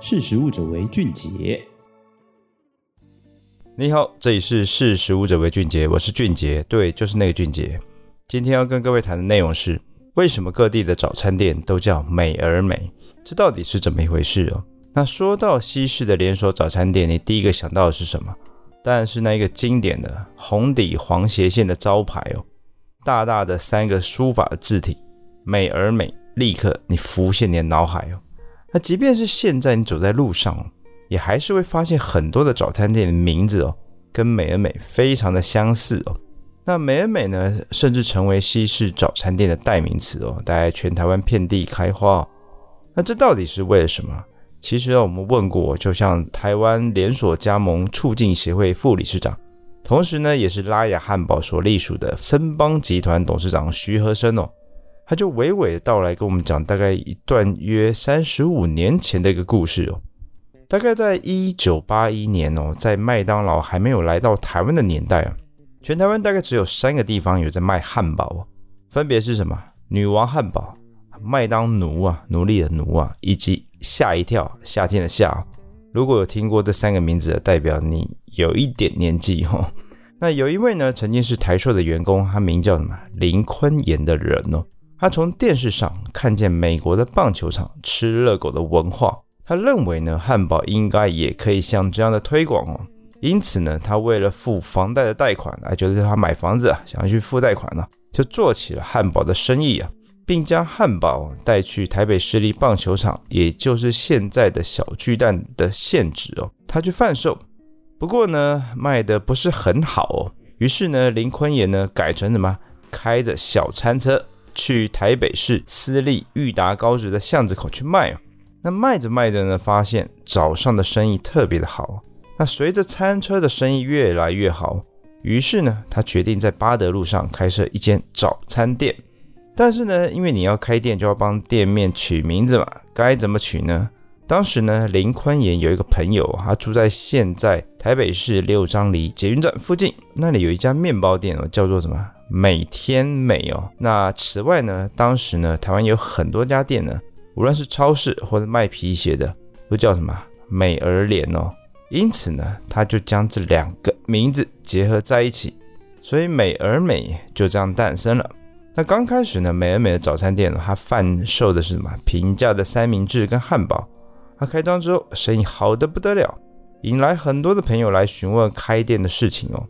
識食物者為俊傑。你好，這裡是識食物者為俊傑，我是俊杰，對，就是那個俊杰。今天要跟各位談的內容是，為什麼各地的早餐店都叫美而美？這到底是怎麼一回事哦？那說到西式的連鎖早餐店，你第一個想到的是什麼？當然是那一個經典的紅底黃斜線的招牌哦，大大的三個書法的字體“美而美”，立刻你浮現你的腦海哦。那即便是現在你走在路上，也還是會發現很多的早餐店的名字哦，跟美而美非常的相似哦。那美而美呢，甚至成為西式早餐店的代名詞哦，大概全台灣遍地開花哦。那這到底是為了什麼？其實啊，我們問過，就像台灣連鎖加盟促進協會副理事長，同時呢，也是拉亞漢堡所隸屬的森邦集團董事長徐和生哦。他就娓娓道來，跟我們講大概一段約三十五年前的一個故事哦。大概在一九八一年哦，在麥當勞還沒有來到台灣的年代啊，全台灣大概只有三個地方有在賣漢堡，分別是什麼？女王漢堡、麥當奴啊，奴隸的奴啊，以及嚇一跳夏天的夏。如果有聽過這三個名字的，代表你有一點年紀吼。那有一位呢，曾經是台碩的員工，他名叫什麼？林坤炎的人哦。他從電視上看見美國的棒球場吃熱狗的文化，他認為呢，漢堡應該也可以像這樣的推廣哦。因此呢，他為了付房貸的貸款，啊，就是他買房子啊，想要去付貸款啊，就做起了漢堡的生意啊，並將漢堡帶去台北市立棒球場，也就是現在的小巨蛋的現址哦，他去販售。不過呢，賣的不是很好哦。於是呢，林坤炎呢，改成什麼？開着小餐車。去台北市私立育達高職的巷子口去賣、哦、那賣着賣着呢，發現早上的生意特別的好。那隨着餐車的生意越來越好，於是呢，他決定在八德路上開設一間早餐店。但是呢，因為你要開店就要幫店面取名字嘛，該怎麼取呢？當時呢，林坤炎有一個朋友，他住在現在台北市六張犁捷運站附近，那裡有一家麵包店哦，叫做什麼？每天美哦，那此外呢，當時呢，台灣有很多家店呢，無論是超市或者賣皮鞋的，都叫什麼？美而廉哦。因此呢，他就將這兩個名字結合在一起，所以美而美就這樣誕生了。那剛開始呢，美而美的早餐店呢，它販售的是什麼？平價的三明治跟漢堡。它開張之後，生意好得不得了，引來很多的朋友來詢問開店的事情哦。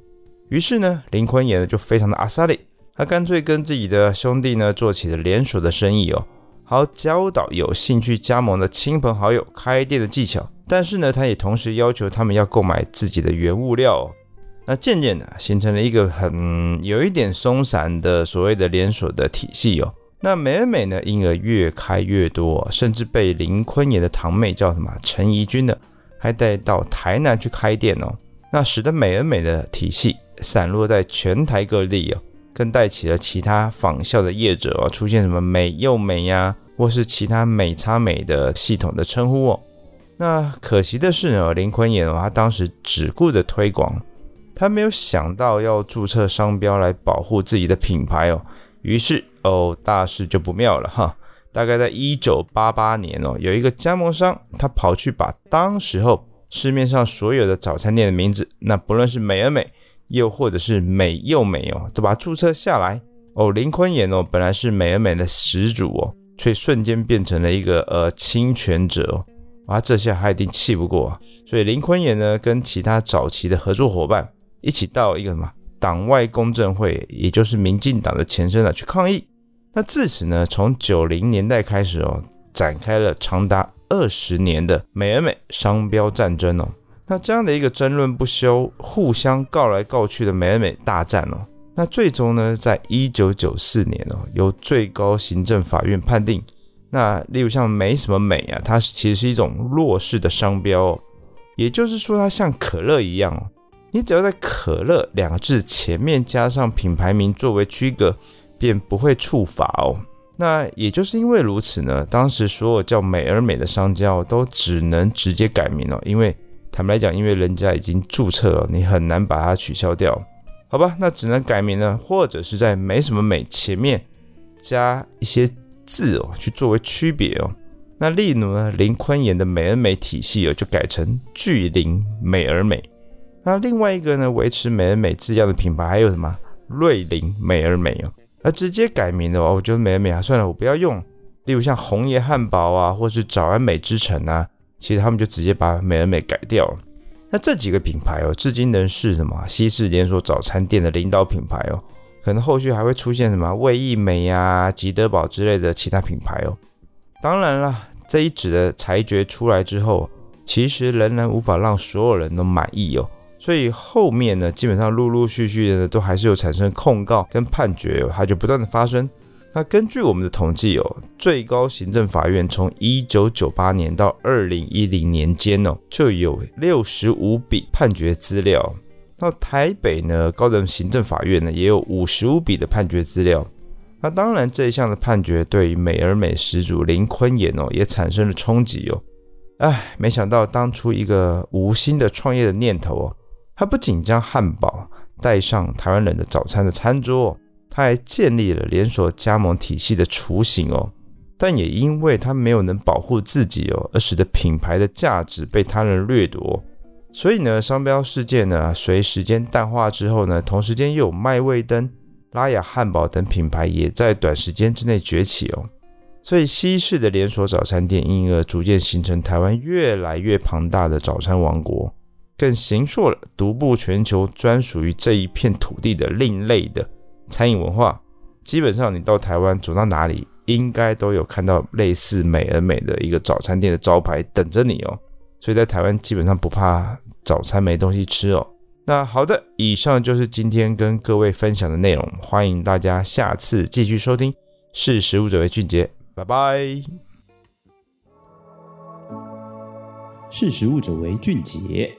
於是呢，林坤炎呢就非常的阿薩里，他乾脆跟自己的兄弟呢做起了連鎖的生意哦，好教導有興趣加盟的親朋好友開店的技巧，但是呢，他也同時要求他們要購買自己的原物料哦。那漸漸的形成了一個很有一點鬆散的所謂的連鎖的體系哦。那美而美呢，因而越開越多，甚至被林坤炎的堂妹叫什麼陳怡君的，還帶到台南去開店哦。那使得美而美的體系散落在全台各地哦，更帶起了其他仿效的業者哦，出現什麼美又美呀、啊，或是其他美差美的系統的稱呼哦。那可惜的是呢，林坤炎、哦、他當時只顧着推廣，他沒有想到要註冊商標來保護自己的品牌哦，於是哦，大事就不妙了哈。大概在一九八八年哦，有一個加盟商，他跑去把當時候。市面上所有的早餐店的名字，那不論是美而美，又或者是美又美哦，都把它註冊下來哦。林坤衍哦，本來是美而美的始祖哦，卻瞬間變成了一個呃侵權者哦。啊，這下他一定氣不過啊，所以林坤衍呢，跟其他早期的合作夥伴一起到一個什麼黨外公正會，也就是民進黨的前身啊，去抗議。那自此呢，從九零年代開始哦，展開了長達二十年的美而美商標戰爭哦，那這樣的一個爭論不休、互相告來告去的美而美大戰哦，那最終呢，在一九九四年哦，由最高行政法院判定，那例如像美什麼美啊，它其實是一種弱勢的商標哦，也就是說，它像可樂一樣哦，你只要在可樂兩個字前面加上品牌名作為區隔，便不會觸法哦。那也就是因為如此呢，當時所有叫美而美的商家都只能直接改名了哦，因為坦白講，因為人家已經註冊了，你很難把它取消掉，好吧？那只能改名呢，或者是在沒什麼美前面加一些字哦，去作為區別哦。那例如呢，林坤衍的美而美體系哦，就改成巨林美而美。那另外一個呢，維持美而美字樣的品牌還有什麼？瑞麟美而美哦。而直接改名的話，我覺得美而美啊，算了，我不要用。例如像弘爺漢堡啊，或是早安美芝城啊，其實他們就直接把美而美改掉了。那這幾個品牌哦，至今仍是什麼西式連鎖早餐店的領導品牌哦，可能後續還會出現什麼味意美啊、吉德堡之類的其他品牌哦。當然啦，這一紙的裁決出來之後，其實仍然無法讓所有人都滿意哦。所以後面呢，基本上陸陸續續的都還是有產生控告跟判決，它就不斷的發生。那根據我們的統計哦，最高行政法院從一九九八年到二零一零年間哦，就有六十五筆判決資料。那台北呢，高等行政法院呢也有五十五筆的判決資料。那當然這一項的判決對於美而美始祖林坤炎哦，也產生了衝擊哦。哎，沒想到當初一個無心的創業的念頭哦。他不僅將漢堡帶上台灣人的早餐的餐桌，他還建立了連鎖加盟體系的雛形哦。但也因為他沒有能保護自己哦，而使得品牌的價值被他人掠奪。所以呢，商標事件呢，隨時間淡化之後呢，同時間又有麥味登、拉雅漢堡等品牌也在短時間之內崛起哦。所以西式的連鎖早餐店因而逐漸形成台灣越來越龐大的早餐王國。更形塑了，獨步全球，專屬於這一片土地的另類的餐飲文化。基本上，你到台灣走到哪裡，應該都有看到類似美而美的一個早餐店的招牌等着你哦。所以在台灣，基本上不怕早餐沒東西吃哦。那好的，以上就是今天跟各位分享的內容，歡迎大家下次繼續收聽。識食物者為俊傑，拜拜。識食物者為俊傑。